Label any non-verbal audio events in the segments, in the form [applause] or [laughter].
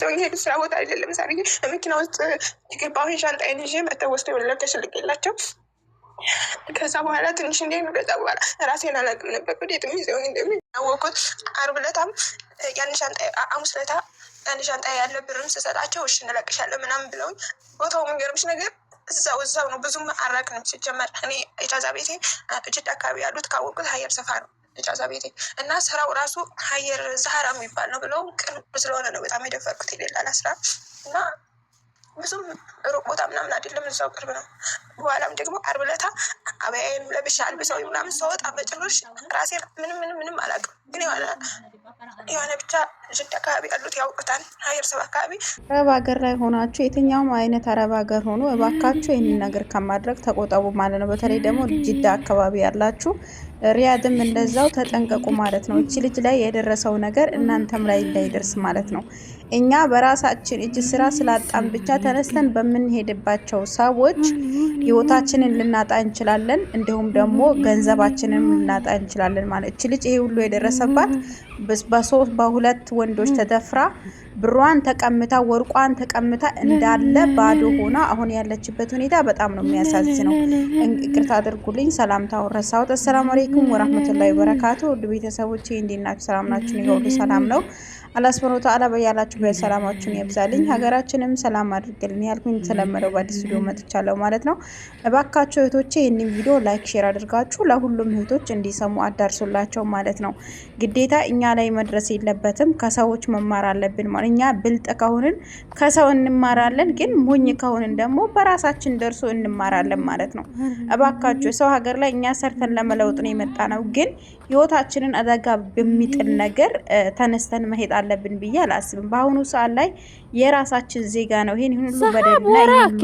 ጥሩ የሄዱ ስራ ቦታ አይደለም። ሳሪ በመኪና ውስጥ የገባሁን ሻንጣዬን ይዤ መጥተው ወስደው የላቸው ከዛ በኋላ ትንሽ እንዲ ከዛ በኋላ ራሴን አላቅም ነበር ወዴትም ይዘውን እንደሚያወቁት አርብ ለታም ያን ሻንጣ ሐሙስ ዕለታ ያን ሻንጣ ያለ ብርም ስሰጣቸው እሺ እንለቅሻለሁ ምናምን ብለውኝ ቦታው የሚገርምሽ ነገር እዛው እዛው ነው። ብዙም አራቅ ነው ሲጀመር እኔ የጃዛ ቤቴ ጅዳ አካባቢ ያሉት ካወቁት ሀየር ሰፋ ነው እጃዛ ቤቴ እና ስራው ራሱ ሀየር ዛህራ የሚባል ነው ብለውም ቅርብ ስለሆነ ነው በጣም የደፈርኩት። የሌላ ስራ እና ብዙም ሩቅ ቦታ ምናምን አይደለም፣ እዛው ቅርብ ነው። በኋላም ደግሞ አርብ ዕለት አበያዬን ለብሻ አልብሰው ምናምን ሰወጣ በጭሮሽ ራሴ ምንም ምንም ምንም አላውቅም፣ ግን የሆነ የሆነ ብቻ ጅድ አካባቢ ያሉት ያውቁታል። ሀየር ሰብ አካባቢ አረብ ሀገር ላይ ሆናችሁ የትኛውም አይነት አረብ ሀገር ሆኖ እባካችሁ ይህንን ነገር ከማድረግ ተቆጠቡ ማለት ነው። በተለይ ደግሞ ጅዳ አካባቢ ያላችሁ ሪያድም እንደዛው ተጠንቀቁ ማለት ነው። እቺ ልጅ ላይ የደረሰው ነገር እናንተም ላይ እንዳይደርስ ማለት ነው። እኛ በራሳችን እጅ ስራ ስላጣን ብቻ ተነስተን በምንሄድባቸው ሰዎች ህይወታችንን ልናጣ እንችላለን፣ እንዲሁም ደግሞ ገንዘባችንን ልናጣ እንችላለን። ማለት እች ልጅ ይሄ ሁሉ የደረሰባት በሶስት በሁለት ወንዶች ተደፍራ ብሯን ተቀምታ ወርቋን ተቀምታ እንዳለ ባዶ ሆና አሁን ያለችበት ሁኔታ በጣም ነው የሚያሳዝነው። ይቅርታ አድርጉልኝ፣ ሰላምታውን ረሳሁት። አሰላሙ አለይኩም ወራህመቱላሂ ወበረካቱ። ውድ ቤተሰቦቼ እንዴት ናችሁ? ሰላም ናችሁ? ሰላም ነው። አላህ ሱብሐነሁ ወተዓላ በያላችሁበት ሰላማችሁን ያብዛልኝ፣ ሀገራችንም ሰላም አድርግልን ያልኩኝ የተለመደው በአዲስ ቪዲዮ መጥቻለሁ ማለት ነው። እባካችሁ እህቶቼ ይህንን ቪዲዮ ላይክ፣ ሼር አድርጋችሁ ለሁሉም እህቶች እንዲሰሙ አዳርሱላቸው ማለት ነው። ግዴታ እኛ ላይ መድረስ የለበትም ከሰዎች መማር አለብን። ማለት እኛ ብልጥ ከሆንን ከሰው እንማራለን፣ ግን ሞኝ ከሆንን ደግሞ በራሳችን ደርሶ እንማራለን ማለት ነው። እባካችሁ ሰው ሀገር ላይ እኛ ሰርተን ለመለወጥ ነው የመጣ ነው ግን ህይወታችንን አደጋ በሚጥል ነገር ተነስተን መሄድ አለብን ብዬ አላስብም። በአሁኑ ሰዓት ላይ የራሳችን ዜጋ ነው ይሄን ሁሉ በደልና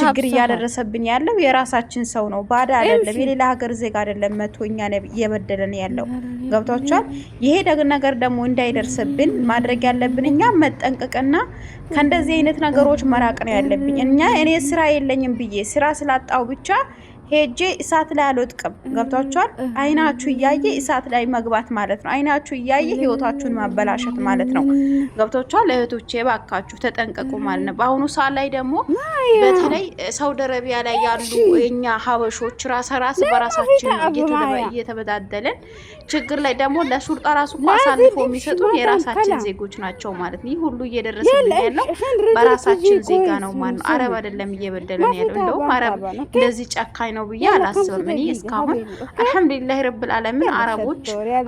ችግር እያደረሰብን ያለው የራሳችን ሰው ነው፣ ባዳ አይደለም፣ የሌላ ሀገር ዜጋ አይደለም። መቶኛ እየበደለን ያለው ገብቷቸዋል። ይሄ ነገር ደግሞ እንዳይደርስብን ማድረግ ያለብን እኛ መጠንቀቅና ከእንደዚህ አይነት ነገሮች መራቅ ነው ያለብኝ። እኛ እኔ ስራ የለኝም ብዬ ስራ ስላጣው ብቻ ሄጄ እሳት ላይ አልወጥቅም። ገብቷችኋል? አይናችሁ እያየ እሳት ላይ መግባት ማለት ነው። አይናችሁ እያየ ህይወታችሁን ማበላሸት ማለት ነው። ገብቷችኋል? እህቶቼ ባካችሁ ተጠንቀቁ ማለት ነው። በአሁኑ ሰዓት ላይ ደግሞ በተለይ ሳውዲ አረቢያ ላይ ያሉ እኛ ሀበሾች ራሰ ራስ በራሳችን እየተበዳደለን ችግር ላይ ደግሞ ለሱልጣ ራሱ አሳልፎ የሚሰጡን የራሳችን ዜጎች ናቸው ማለት ነው። ይህ ሁሉ እየደረሰልን ያለው በራሳችን ዜጋ ነው ማለት ነው። አረብ አይደለም እየበደለን ያለው እንደውም አረብ እንደዚህ ጨካኝ ነው ብዬ አላስብም። እኔ እስካሁን አልሐምዱሊላህ ረብል ዓለምን አረቦች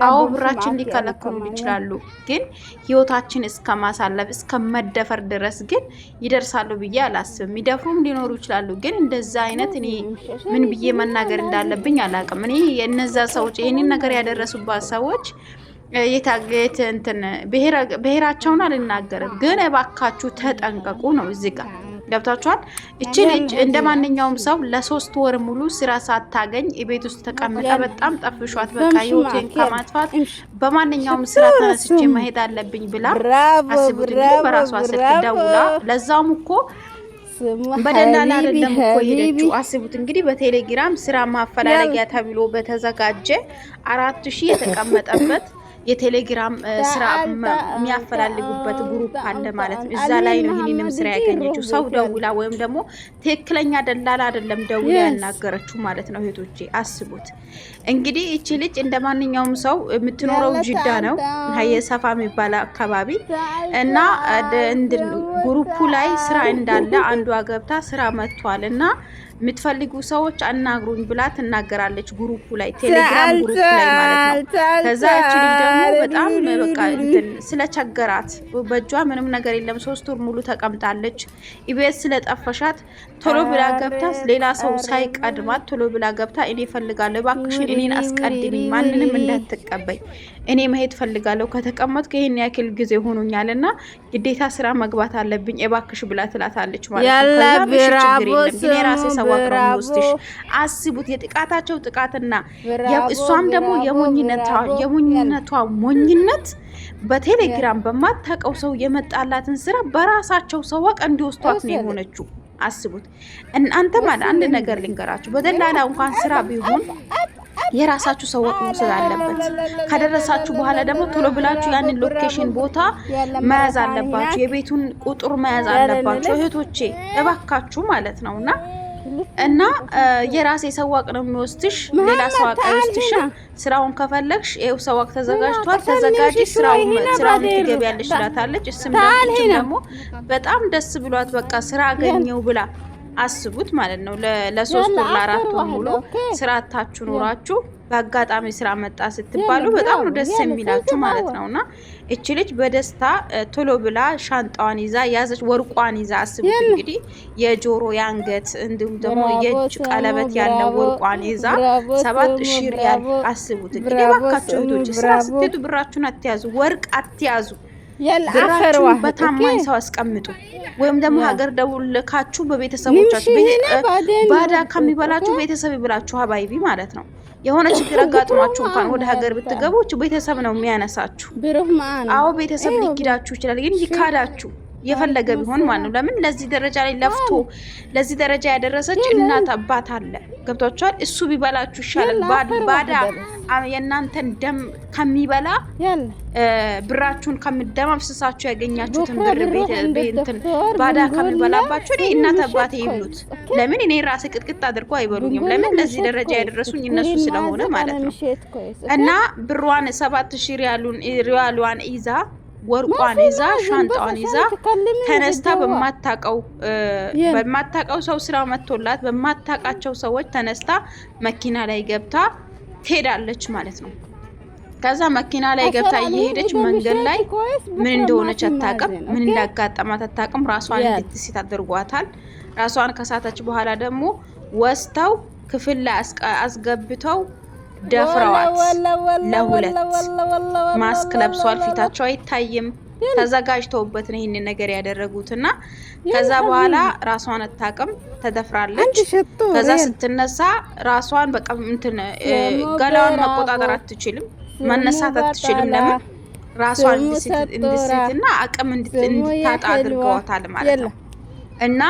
አዎ ብራችን ሊከለክሉ ይችላሉ፣ ግን ህይወታችን እስከ ማሳለፍ እስከ መደፈር ድረስ ግን ይደርሳሉ ብዬ አላስብም። ይደፍሩም ሊኖሩ ይችላሉ፣ ግን እንደዛ አይነት እኔ ምን ብዬ መናገር እንዳለብኝ አላውቅም። እኔ የነዛ ሰዎች ይህንን ነገር ያደረሱባት ሰዎች የታገየት እንትን ብሔራቸውን አልናገርም፣ ግን እባካችሁ ተጠንቀቁ ነው እዚህ ጋር ገብታችኋል። እቺ ልጅ እንደ ማንኛውም ሰው ለሶስት ወር ሙሉ ስራ ሳታገኝ ቤት ውስጥ ተቀምጣ በጣም ጠፍሿት፣ በቃ ህይወቴን ከማጥፋት በማንኛውም ስራ ተነስቼ መሄድ አለብኝ ብላ አስቡት በራሷ ስልክ ደውላ ለዛውም እኮ በደላላ አይደለም እኮ ሄደችው። አስቡት እንግዲህ በቴሌግራም ስራ ማፈላለጊያ ተብሎ በተዘጋጀ አራት ሺህ የተቀመጠበት የቴሌግራም ስራ የሚያፈላልጉበት ግሩፕ አለ ማለት ነው። እዛ ላይ ነው ይህንንም ስራ ያገኘችው። ሰው ደውላ ወይም ደግሞ ትክክለኛ ደላላ አይደለም ደውላ ያናገረችው ማለት ነው። እህቶቼ አስቡት እንግዲህ እቺ ልጅ እንደ ማንኛውም ሰው የምትኖረው ጅዳ ነው የሰፋ የሚባል አካባቢ እና ግሩፑ ላይ ስራ እንዳለ [laughs] አንዷ ገብታ ስራ መጥቷል እና የምትፈልጉ ሰዎች አናግሩኝ ብላ ትናገራለች። ግሩፑ ላይ ቴሌግራም ግሩፕ ላይ ማለት ነው። ከዛ ደግሞ በጣም በቃ ስለቸገራት በእጇ ምንም ነገር የለም። ሶስት ወር ሙሉ ተቀምጣለች። ኢቤስ ስለጠፈሻት ቶሎ ብላ ገብታ ሌላ ሰው ሳይቀድማት ቶሎ ብላ ገብታ እኔ እፈልጋለሁ፣ እባክሽን እኔን አስቀድሚ፣ ማንንም እንዳትቀበኝ፣ እኔ መሄድ ፈልጋለሁ። ከተቀመጥኩ ይሄን ያክል ጊዜ ሆኖኛል እና ግዴታ ስራ መግባት አለብኝ፣ እባክሽ ብላ ትላታለች ማለት ነው። ከዛ ብራቦ ችግር የለም እኔ ራሴ ሰው አዋቅረው ውስጥሽ አስቡት። የጥቃታቸው ጥቃትና እሷም ደግሞ የሞኝነቷ ሞኝነት በቴሌግራም በማታውቀው ሰው የመጣላትን ስራ በራሳቸው ሰዋቅ እንዲወስቷት ነው የሆነችው። አስቡት እናንተ ማለት አንድ ነገር ልንገራችሁ፣ በደላላ እንኳን ስራ ቢሆን የራሳችሁ ሰው መውሰድ አለበት። ከደረሳችሁ በኋላ ደግሞ ቶሎ ብላችሁ ያንን ሎኬሽን ቦታ መያዝ አለባችሁ። የቤቱን ቁጥር መያዝ አለባችሁ። እህቶቼ እባካችሁ ማለት ነውና እና የራሴ ሰዋቅ ነው የሚወስድሽ፣ ሌላ ሰዋቅ አይወስድሽ። ስራውን ከፈለግሽ ይኸው ሰዋቅ ተዘጋጅቷል፣ ተዘጋጅ ስራውን ትገቢያለሽ እላታለች። እስም ደግሞ በጣም ደስ ብሏት በቃ ስራ አገኘው ብላ አስቡት ማለት ነው ለሶስት ወር ለአራት ወር ሙሉ ስራ አታችሁ ኖራችሁ በአጋጣሚ ስራ መጣ ስትባሉ በጣም ነው ደስ የሚላችሁ ማለት ነው። እና እች ልጅ በደስታ ቶሎ ብላ ሻንጣዋን ይዛ ያዘች፣ ወርቋን ይዛ አስቡት እንግዲህ የጆሮ የአንገት እንዲሁም ደግሞ የእጅ ቀለበት ያለው ወርቋን ይዛ ሰባት ሺ ሪያል አስቡት እንግዲህ። እባካችሁ ልጆች፣ ስራ ስትሄዱ ብራችሁን አትያዙ፣ ወርቅ አትያዙ። ብራችሁን በታማኝ ሰው አስቀምጡ። ወይም ደግሞ ሀገር ደውል ልካችሁ በቤተሰቦቻችሁ ባዳ ከሚበላችሁ ቤተሰብ ይብላችሁ ሀባይቢ ማለት ነው። የሆነ ችግር አጋጥሟችሁ እንኳን ወደ ሀገር ብትገቡ ቤተሰብ ነው የሚያነሳችሁ። አዎ ቤተሰብ ሊክዳችሁ ይችላል፣ ግን ይካዳችሁ የፈለገ ቢሆን ማለት ነው። ለምን ለዚህ ደረጃ ላይ ለፍቶ ለዚህ ደረጃ ያደረሰች እናት አባት አለ። ገብቷችኋል? እሱ ቢበላችሁ ይሻላል ባዳ የእናንተን ደም ከሚበላ ብራችሁን ከምደማብስሳችሁ ያገኛችሁትን ብር ቤትን ባዳ ከሚበላባችሁ እኔ እናት አባቴ ይብሉት። ለምን እኔ ራሴ ቅጥቅጥ አድርጎ አይበሉኝም። ለምን ለዚህ ደረጃ ያደረሱኝ እነሱ ስለሆነ ማለት ነው። እና ብሯን ሰባት ሺ ሪያሏን ይዛ ወርቋን ይዛ ሻንጣዋን ይዛ ተነስታ በማታቀው በማታቀው ሰው ስራ መጥቶላት በማታቃቸው ሰዎች ተነስታ መኪና ላይ ገብታ ትሄዳለች ማለት ነው። ከዛ መኪና ላይ ገብታ እየሄደች መንገድ ላይ ምን እንደሆነች አታውቅም፣ ምን እንዳጋጠማት አታውቅም። ራሷን እንድትስት አድርጓታል። ራሷን ከሳተች በኋላ ደግሞ ወስተው ክፍል ላይ አስገብተው ደፍረዋት ለሁለት ማስክ ለብሷል። ፊታቸው አይታይም። ተዘጋጅተውበት ነው ይህንን ነገር ያደረጉት እና ከዛ በኋላ ራሷን አታውቅም፣ ተደፍራለች። ከዛ ስትነሳ ራሷን በቃ እንትን ገላዋን መቆጣጠር አትችልም፣ መነሳት አትችልም። ለምን ራሷን እንድትስት እና አቅም እንድታጣ አድርገዋታል ማለት ነው እና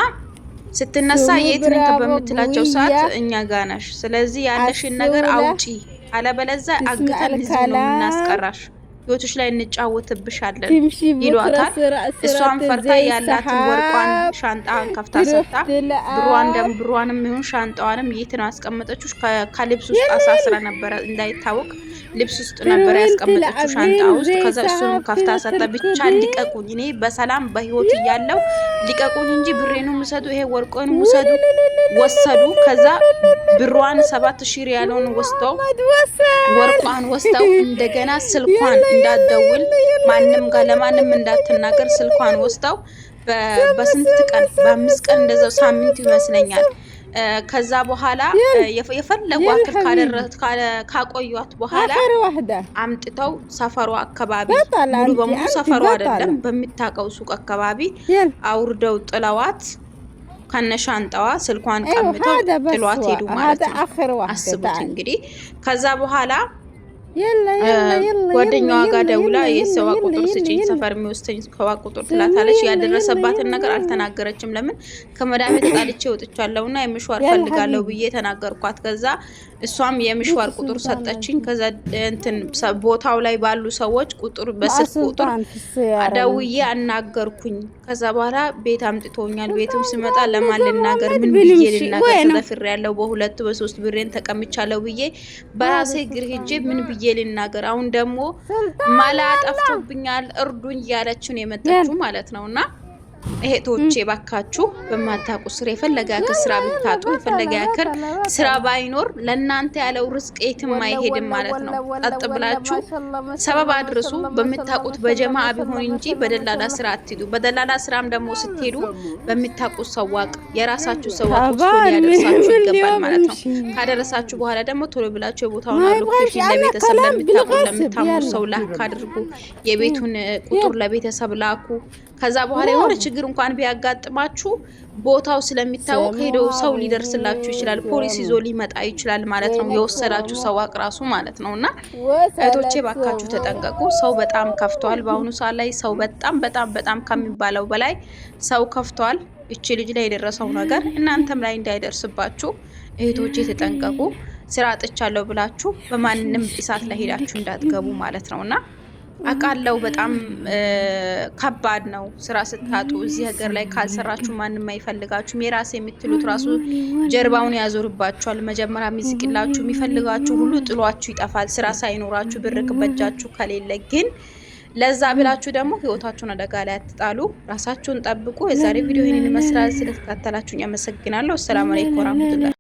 ስትነሳ የት ነህ በምትላቸው ሰዓት እኛ ጋር ነሽ፣ ስለዚህ ያለሽን ነገር አውጪ፣ አለበለዚያ አግተን እዚህ ነው የምናስቀራሽ ህይወቶች ላይ እንጫወትብሻለን ይሏታል። እሷን ፈርታ ያላትን ወርቋን ሻንጣ ከፍታ ሰጣ ብሯን ደም ብሯንም ይሁን ሻንጣዋንም የትን አስቀመጠችው? ከልብስ ውስጥ አሳስረ ነበረ እንዳይታወቅ ልብስ ውስጥ ነበረ ያስቀመጠችው ሻንጣ ውስጥ። ከዛ እሱንም ከፍታ ሰጠ። ብቻ ሊቀቁኝ፣ እኔ በሰላም በህይወት እያለው ሊቀቁኝ እንጂ ብሬኑ ውሰዱ፣ ይሄ ወርቆን ውሰዱ ወሰዱ። ከዛ ብሯን ሰባት ሺህ ሪያሎን ወስደው ወርቋን ወስደው እንደገና ስልኳን እንዳትደውል ማንም ጋር ለማንም እንዳትናገር ስልኳን ወስደው በስንት ቀን በአምስት ቀን እንደዛው ሳምንት ይመስለኛል። ከዛ በኋላ የፈለጉ አክል ካቆዩት በኋላ አምጥተው ሰፈሯ አካባቢ ሙሉ በሙሉ ሰፈሩ አይደለም በሚታቀው ሱቅ አካባቢ አውርደው ጥለዋት ከነሻንጣዋ ስልኳን ቀምተው ጥሏት ሄዱ ማለት ነው። አስቡት እንግዲህ ከዛ በኋላ ጓደኛዋ ጋር ደውላ የሰዋ ቁጥር ስጭኝ ሰፈር የሚወስደኝ ሰዋ ቁጥር ትላታለች። ያደረሰባትን ነገር አልተናገረችም። ለምን ከመዳሜ ተጣልቼ ወጥቻለሁ እና የምሽዋር ፈልጋለሁ ብዬ ተናገርኳት። ከዛ እሷም የምሽዋር ቁጥር ሰጠችኝ። ከዛ እንትን ቦታው ላይ ባሉ ሰዎች ቁጥር በስልክ ቁጥር ደውዬ አናገርኩኝ። ከዛ በኋላ ቤት አምጥቶኛል። ቤትም ስመጣ ለማን ልናገር፣ ምን ብዬ ልናገር? ተዘፍሬያለሁ፣ በሁለት በሶስት ብሬን ተቀምቻለሁ ብዬ በራሴ ግር ሂጄ ምን ብዬ ብዬ ልናገር? አሁን ደግሞ ማላ ጠፍቶብኛል እርዱኝ እያለችን የመጣችሁ ማለት ነው እና እህቶቼ ባካችሁ በማታውቁ ስራ የፈለገ ያክል ስራ ብታጡ የፈለገ ያክል ስራ ባይኖር ለእናንተ ያለው ርስቅ የትም አይሄድም ማለት ነው። ጠጥ ብላችሁ ሰበብ አድርሱ። በምታውቁት በጀማ ቢሆን እንጂ በደላላ ስራ አትሄዱ። በደላላ ስራም ደግሞ ስትሄዱ በምታውቁት ሰዋቅ የራሳችሁ ሰዋቅ ሊያደርሳችሁ ይገባል ማለት ነው። ካደረሳችሁ በኋላ ደግሞ ቶሎ ብላችሁ የቦታውን አሎኬሽን ለቤተሰብ ለምታውቁ ለምታሙ ሰው ላክ አድርጉ። የቤቱን ቁጥር ለቤተሰብ ላኩ። ከዛ በኋላ የሆነ ችግር እንኳን ቢያጋጥማችሁ ቦታው ስለሚታወቅ ሄዶ ሰው ሊደርስላችሁ ይችላል። ፖሊስ ይዞ ሊመጣ ይችላል ማለት ነው፣ የወሰዳችሁ ሰው አቅራሱ ማለት ነው። እና እህቶቼ ባካችሁ ተጠንቀቁ። ሰው በጣም ከፍቷል። በአሁኑ ሰዓት ላይ ሰው በጣም በጣም በጣም ከሚባለው በላይ ሰው ከፍቷል። እቺ ልጅ ላይ የደረሰው ነገር እናንተም ላይ እንዳይደርስባችሁ እህቶቼ ተጠንቀቁ። ስራ አጥቻለሁ ብላችሁ በማንም እሳት ላይ ሄዳችሁ እንዳትገቡ ማለት ነው እና አቃለው በጣም ከባድ ነው ስራ ስታጡ እዚህ ሀገር ላይ ካልሰራችሁ ማንም አይፈልጋችሁም የራስ የምትሉት ራሱ ጀርባውን ያዞርባችኋል መጀመሪያ የሚስቅላችሁ የሚፈልጋችሁ ሁሉ ጥሏችሁ ይጠፋል ስራ ሳይኖራችሁ ብር በእጃችሁ ከሌለ ግን ለዛ ብላችሁ ደግሞ ህይወታችሁን አደጋ ላይ አትጣሉ ራሳችሁን ጠብቁ የዛሬ ቪዲዮ ይህንን ይመስላል ስለተከታተላችሁኝ አመሰግናለሁ አሰላሙ አለይኩም ወራህመቱላህ